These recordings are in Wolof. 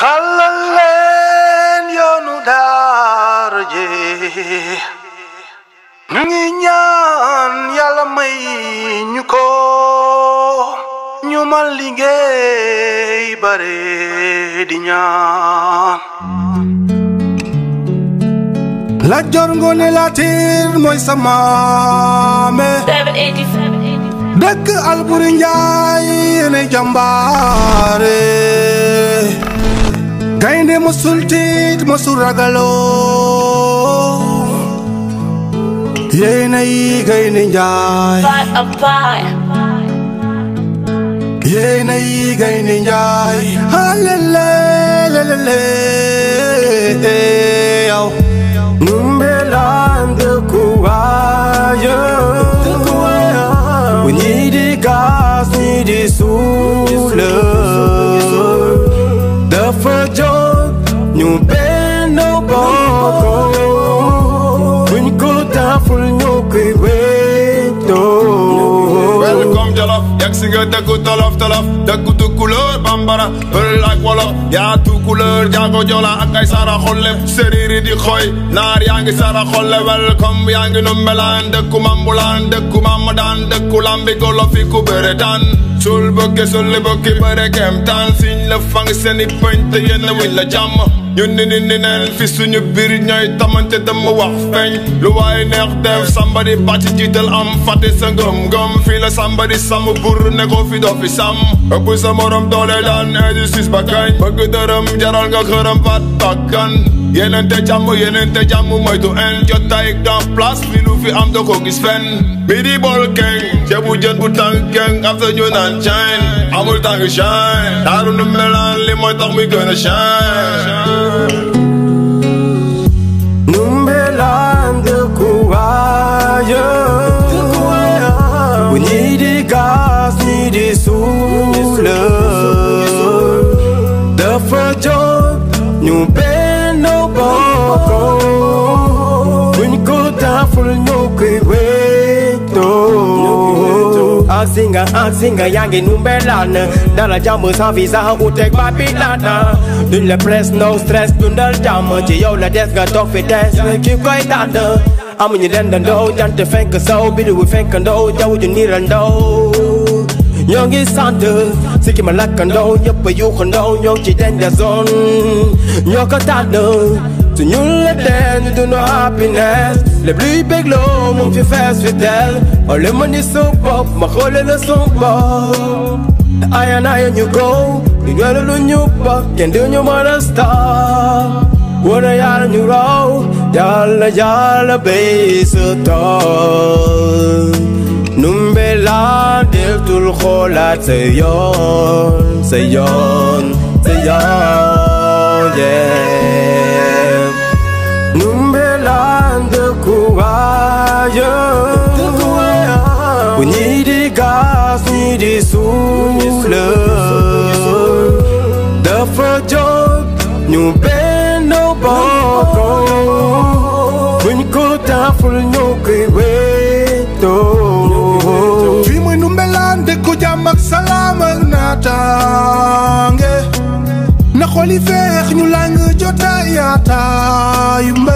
xalal leen yoonu daara ji ñu ngi ñaan yàlla may ñu ko ñu man liggéey bare di ñaan la jor ngoone laatiir mooy maame dëkk Alburi Njaay ne jàmbaare Gaynde mosul tiit Y ragaloo ahí ay gaynde njaay. yéen zingen de goed te lof te lof De goede couleur bambara Hun like wolof Ja tu couleur Jago jola akay sara xolle Seriri di xoy Naar yaa ngi sara xolle Welcome yaa ngi numbelaan Dëkku mambulaan Dëkku mamadaan Dëkku lambi golofi ku bëre daan Sul bëgge sulli bëgge bëre kem taan Siñ la fang seen i pëñ te yenn wiñ la jàmm you yónni ni ni neen fi suñu biir ñooy tamante te mu wax feeñ lu waaye neex def samba di bàcc i am fat as a gum gum. fàtte sa ngëm-ngëm fii la samba di sàmm bur ne ko fi doo fi sàmm ëpp sa morom doole daan injustice ba kañ bëgg dërëm jaral nga xërëm faat bakkan yeneen te jàmm yeneen te jàmm moytu en jotaay grand place li lu fi am da ko gis fenn mi di bool keng ceebu jën bu tàng keng am sa ñu naan chain amul tàng chain taaru nu melaan li mooy tax muy gën a chain Ku ni di gas ni di suler The fragile nyu ben no boko Kun ko ta ful nyu ki weto Aksinga aksinga yangi numbelana Dala jamu sa visa ha utek ma pilana Dun le press no stress dun dal jamu Ci yow la des ga tok fi des Ki koy tanda I'm in den dan do Jante fenka so Biri we fenka do Jawu ju and do Young is sante Siki malakan do Nyopa yu kon do Nyong chi den da zon Nyoka tano Tu nyulle den Du no happiness Le blu beg lo Mon fi fes fidel Oh le money so pop Ma khole le son pop I and I and you go You gotta do new buck And do new mother stop 我的牙牛肉压了压了被子头弄被拉的堵火来怎样怎样怎样弄被拉的苦啊呀不你的嘎你的苏 no boko Kwenye taful nyoke weto Fimwe numbelande kuja maksalama natange eh. Na kholi fekh nyulangu jota yata yumbe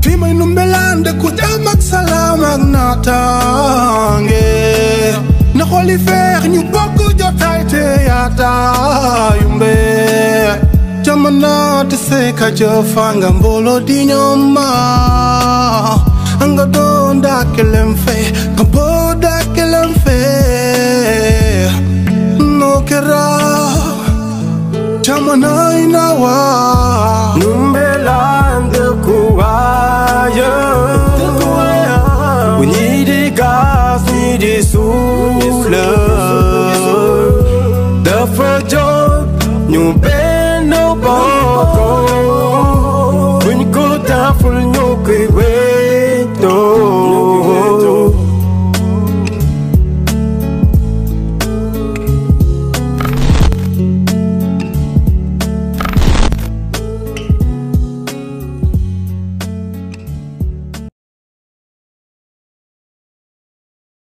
Fimwe numbelande kuja maksalama natange eh. Na kholi fekh nyuboko jota yata mana tiseka i nga mbolo di nyoma Nga donda kele mfe, nga boda kele mfe Nokera, chamana inawa